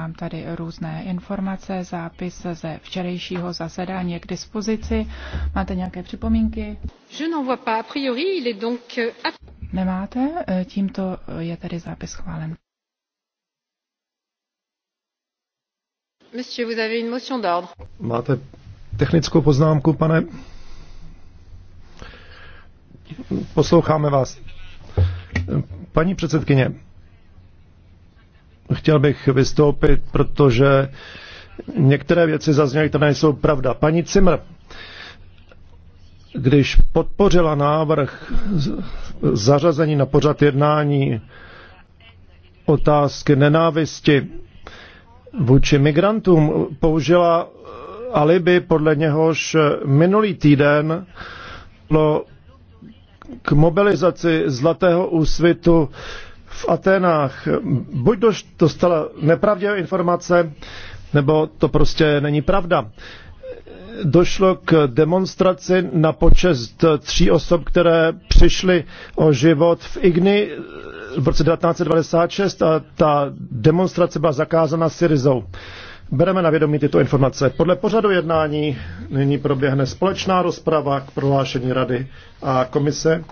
Mám tady různé informace, zápis ze včerejšího zasedání k dispozici. Máte nějaké připomínky? Je n'en vois pas. A priori, il est donc... Euh, Nemáte? Eh, tímto je tedy zápis schválen. Monsieur, vous avez une motion d'ordre. Máte technickou poznámku, pane? Posloucháme vás. Paní předsedkyně, chtěl bych vystoupit, protože některé věci zazněly, které nejsou pravda. Paní Cimr, když podpořila návrh zařazení na pořad jednání otázky nenávisti vůči migrantům, použila alibi, podle něhož minulý týden bylo k mobilizaci Zlatého úsvitu v Atenách buď dostala nepravdivé informace, nebo to prostě není pravda. Došlo k demonstraci na počest tří osob, které přišly o život v Igni v roce 1996 a ta demonstrace byla zakázána Syrizou. Bereme na vědomí tyto informace. Podle pořadu jednání nyní proběhne společná rozprava k prohlášení Rady a komise